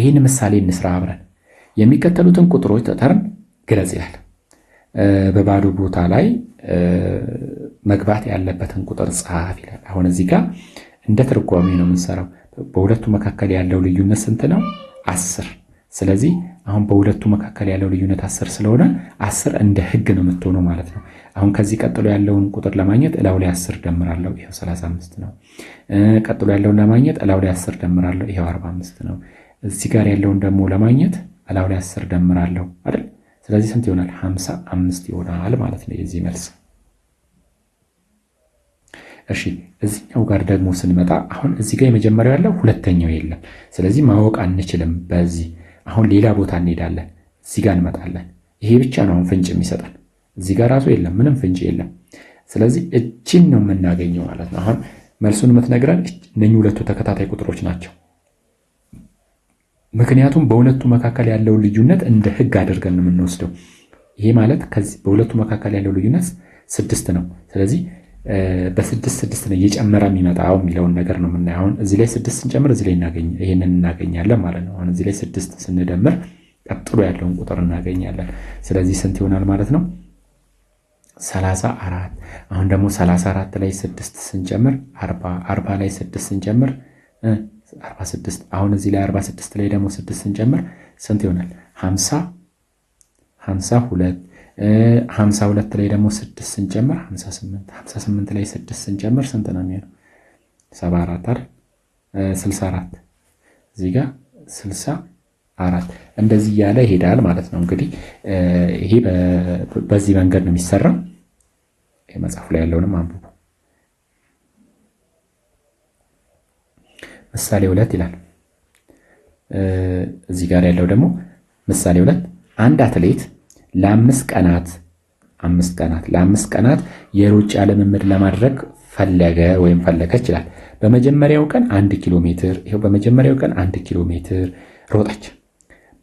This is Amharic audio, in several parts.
ይህን ምሳሌ እንስራ አብረን። የሚከተሉትን ቁጥሮች ጠጠርን ግለጽ ይላል። በባዶ ቦታ ላይ መግባት ያለበትን ቁጥር ጸሐፍ ይላል። አሁን እዚህ ጋር እንደ ትርጓሜ ነው የምንሰራው። በሁለቱ መካከል ያለው ልዩነት ስንት ነው? አስር። ስለዚህ አሁን በሁለቱ መካከል ያለው ልዩነት አስር ስለሆነ አስር እንደ ህግ ነው የምትሆነው ማለት ነው። አሁን ከዚህ ቀጥሎ ያለውን ቁጥር ለማግኘት እላው ላይ አስር ደምራለሁ፣ ይኸው 35 ነው። ቀጥሎ ያለውን ለማግኘት እላው ላይ አስር ደምራለሁ፣ ይኸው 45 ነው። እዚህ ጋር ያለውን ደግሞ ለማግኘት እላው ላይ አስር ደምራለሁ አይደል? ስለዚህ ስንት ይሆናል? ሀምሳ አምስት ይሆናል ማለት ነው የዚህ መልስ። እሺ እዚኛው ጋር ደግሞ ስንመጣ አሁን እዚህ ጋር የመጀመሪያው ያለው ሁለተኛው የለም። ስለዚህ ማወቅ አንችልም በዚህ አሁን ሌላ ቦታ እንሄዳለን። እዚህ ጋር እንመጣለን። ይሄ ብቻ ነው አሁን ፍንጭ የሚሰጠን። እዚህ ጋር ራሱ የለም፣ ምንም ፍንጭ የለም። ስለዚህ እችን ነው የምናገኘው ማለት ነው። አሁን መልሱን የምትነግረን እነኚህ ሁለቱ ተከታታይ ቁጥሮች ናቸው። ምክንያቱም በሁለቱ መካከል ያለው ልዩነት እንደ ህግ አድርገን ነው የምንወስደው። ይሄ ማለት ከዚህ በሁለቱ መካከል ያለው ልዩነት ስድስት ነው። ስለዚህ በስድስት ስድስት ነው እየጨመረ የሚመጣው የሚለውን ነገር ነው የምናየው። አሁን እዚህ ላይ ስድስት ስንጨምር እዚህ ላይ ይህንን እናገኛለን ማለት ነው። አሁን እዚህ ላይ ስድስት ስንደምር ቀጥሎ ያለውን ቁጥር እናገኛለን። ስለዚህ ስንት ይሆናል ማለት ነው? ሰላሳ አራት አሁን ደግሞ ሰላሳ አራት ላይ ስድስት ስንጨምር አርባ አርባ ላይ ስድስት ስንጨምር 46 አሁን እዚህ ላይ 46 ላይ ደግሞ 6 ስንጨምር ስንት ይሆናል? 50 52 52 ላይ ደግሞ 6 ስንጨምር 58 58 ላይ 6 ስንጨምር ስንት ነው የሚሆነው? 74 አይደል? 64 እዚህ ጋር 64 እንደዚህ እያለ ይሄዳል ማለት ነው። እንግዲህ ይሄ በዚህ መንገድ ነው የሚሰራው። መጽሐፉ ላይ ያለውንም አንብቡ። ምሳሌ ሁለት ይላል። እዚህ ጋር ያለው ደግሞ ምሳሌ ሁለት አንድ አትሌት ለአምስት ቀናት አምስት ቀናት ለአምስት ቀናት የሩጫ ልምምድ ለማድረግ ፈለገ ወይም ፈለገች ይላል። በመጀመሪያው ቀን አንድ ኪሎ ሜትር ይኸው በመጀመሪያው ቀን አንድ ኪሎ ሜትር ሮጠች።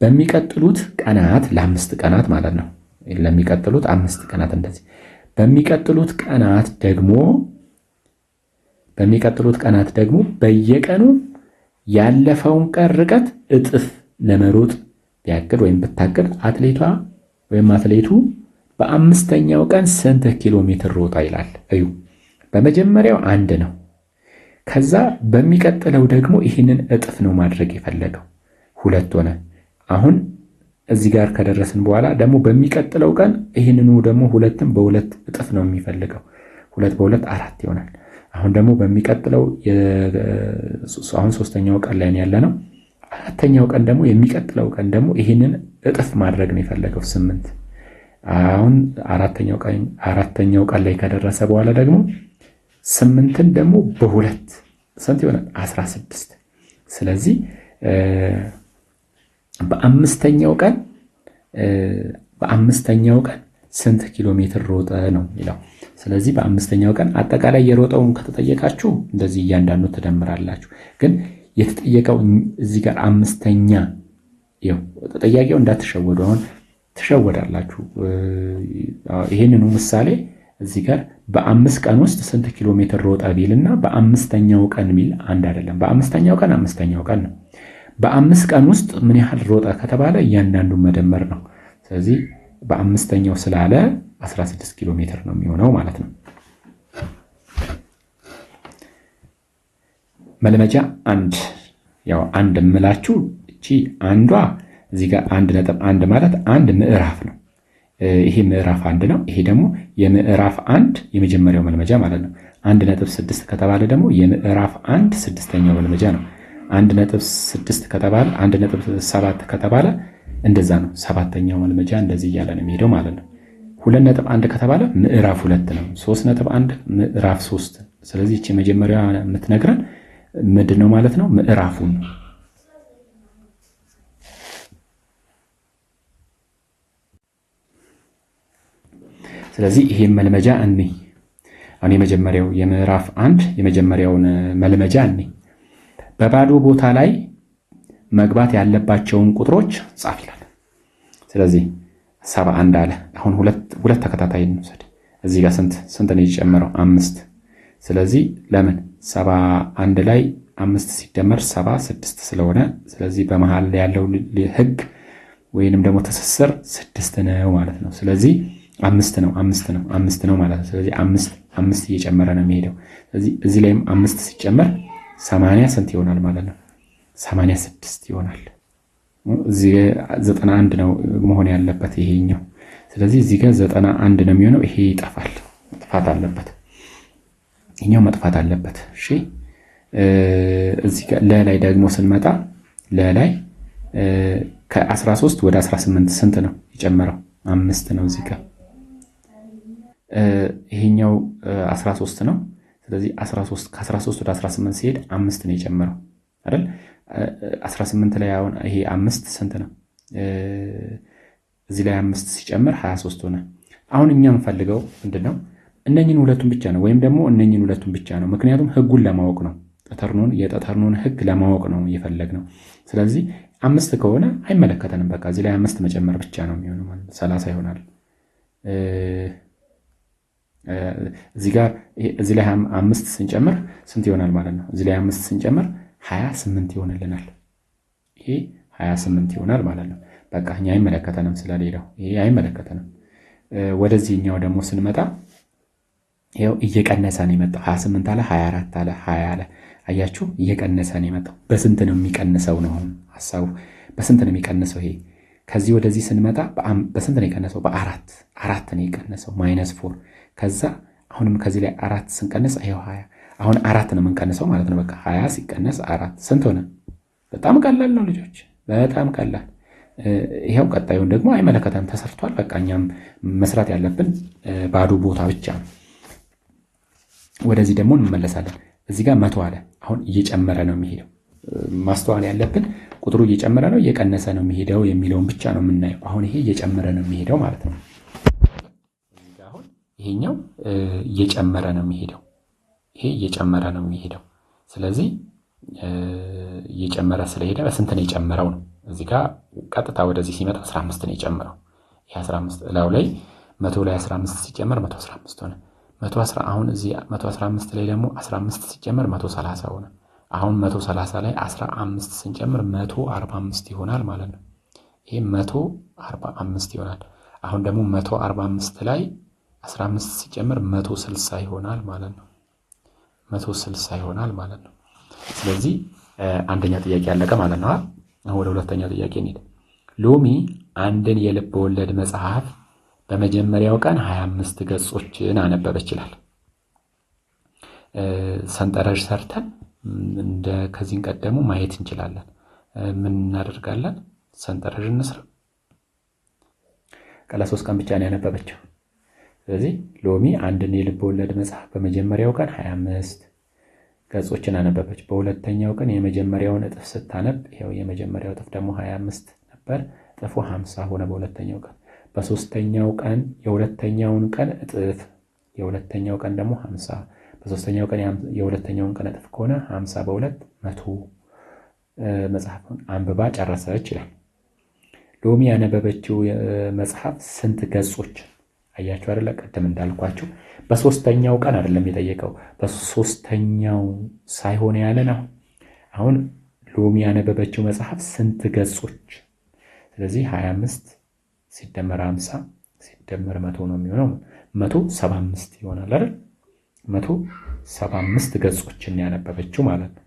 በሚቀጥሉት ቀናት ለአምስት ቀናት ማለት ነው። ለሚቀጥሉት አምስት ቀናት እንደዚህ በሚቀጥሉት ቀናት ደግሞ በሚቀጥሉት ቀናት ደግሞ በየቀኑ ያለፈውን ቀን ርቀት እጥፍ ለመሮጥ ቢያቅድ ወይም ብታቅድ አትሌቷ ወይም አትሌቱ በአምስተኛው ቀን ስንት ኪሎ ሜትር ሮጣ ይላል። እዩ። በመጀመሪያው አንድ ነው። ከዛ በሚቀጥለው ደግሞ ይህንን እጥፍ ነው ማድረግ የፈለገው ሁለት ሆነ። አሁን እዚህ ጋር ከደረስን በኋላ ደግሞ በሚቀጥለው ቀን ይህንኑ ደግሞ ሁለትም በሁለት እጥፍ ነው የሚፈልገው። ሁለት በሁለት አራት ይሆናል። አሁን ደግሞ በሚቀጥለው አሁን ሶስተኛው ቀን ላይ ያለ ነው። አራተኛው ቀን ደግሞ የሚቀጥለው ቀን ደግሞ ይህንን እጥፍ ማድረግ ነው የፈለገው ስምንት አሁን አራተኛው ቀን አራተኛው ቀን ላይ ከደረሰ በኋላ ደግሞ ስምንትን ደግሞ በሁለት ስንት ይሆናል? አስራ ስድስት ስለዚህ በአምስተኛው ቀን በአምስተኛው ቀን ስንት ኪሎ ሜትር ሮጠ ነው የሚለው ስለዚህ በአምስተኛው ቀን አጠቃላይ የሮጠውን ከተጠየቃችሁ እንደዚህ እያንዳንዱ ትደምራላችሁ። ግን የተጠየቀው እዚህ ጋር አምስተኛ ይኸው ተጠያቂው እንዳትሸወዱ። አሁን ትሸወዳላችሁ። ይህንኑ ምሳሌ እዚህ ጋር በአምስት ቀን ውስጥ ስንት ኪሎ ሜትር ሮጠ ቢል እና በአምስተኛው ቀን ሚል አንድ አይደለም። በአምስተኛው ቀን አምስተኛው ቀን ነው። በአምስት ቀን ውስጥ ምን ያህል ሮጠ ከተባለ እያንዳንዱ መደመር ነው። ስለዚህ በአምስተኛው ስላለ 16 ኪሎ ሜትር ነው የሚሆነው ማለት ነው። መልመጃ አንድ ያው አንድ የምላችሁ እቺ አንዷ እዚህ ጋር አንድ ነጥብ አንድ ማለት አንድ ምዕራፍ ነው። ይሄ ምዕራፍ አንድ ነው። ይሄ ደግሞ የምዕራፍ አንድ የመጀመሪያው መልመጃ ማለት ነው። አንድ ነጥብ ስድስት ከተባለ ደግሞ የምዕራፍ አንድ ስድስተኛው መልመጃ ነው። አንድ ነጥብ ስድስት ከተባለ አንድ ነጥብ ሰባት ከተባለ እንደዛ ነው። ሰባተኛው መልመጃ እንደዚህ እያለ ነው የሚሄደው ማለት ነው። ሁለት ነጥብ አንድ ከተባለ ምዕራፍ ሁለት ነው። ሶስት ነጥብ አንድ ምዕራፍ ሶስት። ስለዚህ ይቺ መጀመሪያ የምትነግረን ምንድን ነው ማለት ነው? ምዕራፉን ስለዚህ ይሄን መልመጃ እኔ አሁን የመጀመሪያው የምዕራፍ አንድ የመጀመሪያውን መልመጃ እኔ በባዶ ቦታ ላይ መግባት ያለባቸውን ቁጥሮች ጻፍ ይላል። ስለዚህ ሰባ አንድ አለ። አሁን ሁለት ተከታታይ እንውሰድ። እዚህ ጋር ስንት ስንት ነው የጨመረው አምስት። ስለዚህ ለምን ሰባ አንድ ላይ አምስት ሲደመር ሰባ ስድስት ስለሆነ ስለዚህ በመሃል ላይ ያለው ህግ ወይንም ደግሞ ትስስር ስድስት ነው ማለት ነው። ስለዚህ አምስት ነው አምስት ነው አምስት ነው ማለት ነው። ስለዚህ አምስት አምስት እየጨመረ ነው የሚሄደው። ስለዚህ እዚህ ላይም አምስት ሲጨመር ሰማንያ ስንት ይሆናል ማለት ነው? ሰማንያ ስድስት ይሆናል። እዚህ ዘጠና አንድ ነው መሆን ያለበት ይሄኛው። ስለዚህ እዚህ ጋር ዘጠና አንድ ነው የሚሆነው። ይሄ ይጠፋል፣ መጥፋት አለበት። ይኛው መጥፋት አለበት። እሺ እዚህ ጋር ለላይ ደግሞ ስንመጣ ለላይ ከ13 ወደ 18 ስንት ነው የጨመረው? አምስት ነው። እዚህ ጋር ይሄኛው 13 ነው። ስለዚህ ከ13 ወደ 18 ሲሄድ አምስት ነው የጨመረው። አይደል? 18 ላይ አሁን ይሄ አምስት ስንት ነው? እዚህ ላይ አምስት ሲጨምር 23 ሆነ። አሁን እኛ የምንፈልገው ምንድን ነው? እነኝን ሁለቱን ብቻ ነው፣ ወይም ደግሞ እነኝን ሁለቱን ብቻ ነው። ምክንያቱም ህጉን ለማወቅ ነው። ጠተርኖን የጠተርኖን ህግ ለማወቅ ነው እየፈለግ ነው። ስለዚህ አምስት ከሆነ አይመለከተንም። በቃ እዚህ ላይ አምስት መጨመር ብቻ ነው የሚሆነው ማለት ሰላሳ ይሆናል። እዚህ ጋር እዚህ ላይ አምስት ስንጨምር ስንት ይሆናል ማለት ነው? እዚህ ላይ አምስት ስንጨምር 28 ስምንት ይሆንልናል። ይሄ 28 ይሆናል ማለት ነው። በቃ እኛ አይመለከተንም ስለሌላው ይሄ አይመለከተንም። ወደዚህኛው ደግሞ ስንመጣ ይኸው እየቀነሰ ነው የመጣው። 28 አለ፣ 24 አለ፣ 20 አለ። አያችሁ እየቀነሰ ነው የመጣው። በስንት ነው የሚቀንሰው ነው ሀሳቡ። በስንት ነው የሚቀንሰው? ይሄ ከዚህ ወደዚህ ስንመጣ በስንት ነው የቀነሰው? በአራት አራት ነው የቀነሰው ማይነስ ፎር። ከዛ አሁንም ከዚህ ላይ አራት ስንቀንስ ይኸው ሀያ አሁን አራት ነው የምንቀንሰው ማለት ነው። በቃ ሀያ ሲቀነስ አራት ስንት ሆነ? በጣም ቀላል ነው ልጆች፣ በጣም ቀላል። ይኸው ቀጣዩን ደግሞ አይመለከተም ተሰርቷል። በቃ እኛም መስራት ያለብን ባዶ ቦታ ብቻ ነው። ወደዚህ ደግሞ እንመለሳለን። እዚህ ጋር መቶ አለ። አሁን እየጨመረ ነው የሚሄደው። ማስተዋል ያለብን ቁጥሩ እየጨመረ ነው እየቀነሰ ነው የሚሄደው የሚለውን ብቻ ነው የምናየው። አሁን ይሄ እየጨመረ ነው የሚሄደው ማለት ነው። አሁን ይሄኛው እየጨመረ ነው የሚሄደው ይሄ እየጨመረ ነው የሚሄደው። ስለዚህ እየጨመረ ስለሄደ በስንት ነው የጨመረው ነው። እዚህ ጋር ቀጥታ ወደዚህ ሲመጣ 15 ነው የጨመረው። ይሄ 15 እላው ላይ 100 ላይ 15 ሲጨመር 115 ሆነ። 110 አሁን እዚህ 115 ላይ ደግሞ 15 ሲጨመር 130 ሆነ። አሁን 130 ላይ 15 ስንጨምር 145 ይሆናል ማለት ነው። ይሄ 145 ይሆናል። አሁን ደግሞ 145 ላይ 15 ሲጨምር 160 ይሆናል ማለት ነው። መቶ ስልሳ ይሆናል ማለት ነው። ስለዚህ አንደኛ ጥያቄ ያለቀ ማለት ነው። አሁን ወደ ሁለተኛው ጥያቄ እንሂድ። ሎሚ አንድን የልብ ወለድ መጽሐፍ በመጀመሪያው ቀን 25 ገጾችን አነበበች ይችላል። ሰንጠረዥ ሰርተን እንደ ከዚህን ቀደሙ ማየት እንችላለን። ምን እናደርጋለን? ሰንጠረዥ እንስራ። ቀለ ሶስት ቀን ብቻ ነው ያነበበችው። ስለዚህ ሎሚ አንድን የልብ ወለድ መጽሐፍ በመጀመሪያው ቀን 25 ገጾችን አነበበች። በሁለተኛው ቀን የመጀመሪያውን እጥፍ ስታነብ ይኸው የመጀመሪያው እጥፍ ደግሞ 25 ነበር፣ እጥፉ 50 ሆነ በሁለተኛው ቀን። በሶስተኛው ቀን የሁለተኛውን ቀን እጥፍ የሁለተኛው ቀን ደግሞ 50 በሶስተኛው ቀን የሁለተኛውን ቀን እጥፍ ከሆነ 50 በሁለት መቶ መጽሐፉን አንብባ ጨረሰች ይላል። ሎሚ ያነበበችው መጽሐፍ ስንት ገጾች አያችሁ አይደለ? ቀደም እንዳልኳችሁ በሶስተኛው ቀን አይደለም የጠየቀው፣ በሶስተኛው ሳይሆን ያለ ነው አሁን ሎሚ ያነበበችው መጽሐፍ ስንት ገጾች? ስለዚህ 25 ሲደመር 50 ሲደመር መቶ ነው የሚሆነው። መቶ ሰባ አምስት ይሆናል አይደል? መቶ ሰባ አምስት ገጾችን ያነበበችው ማለት ነው።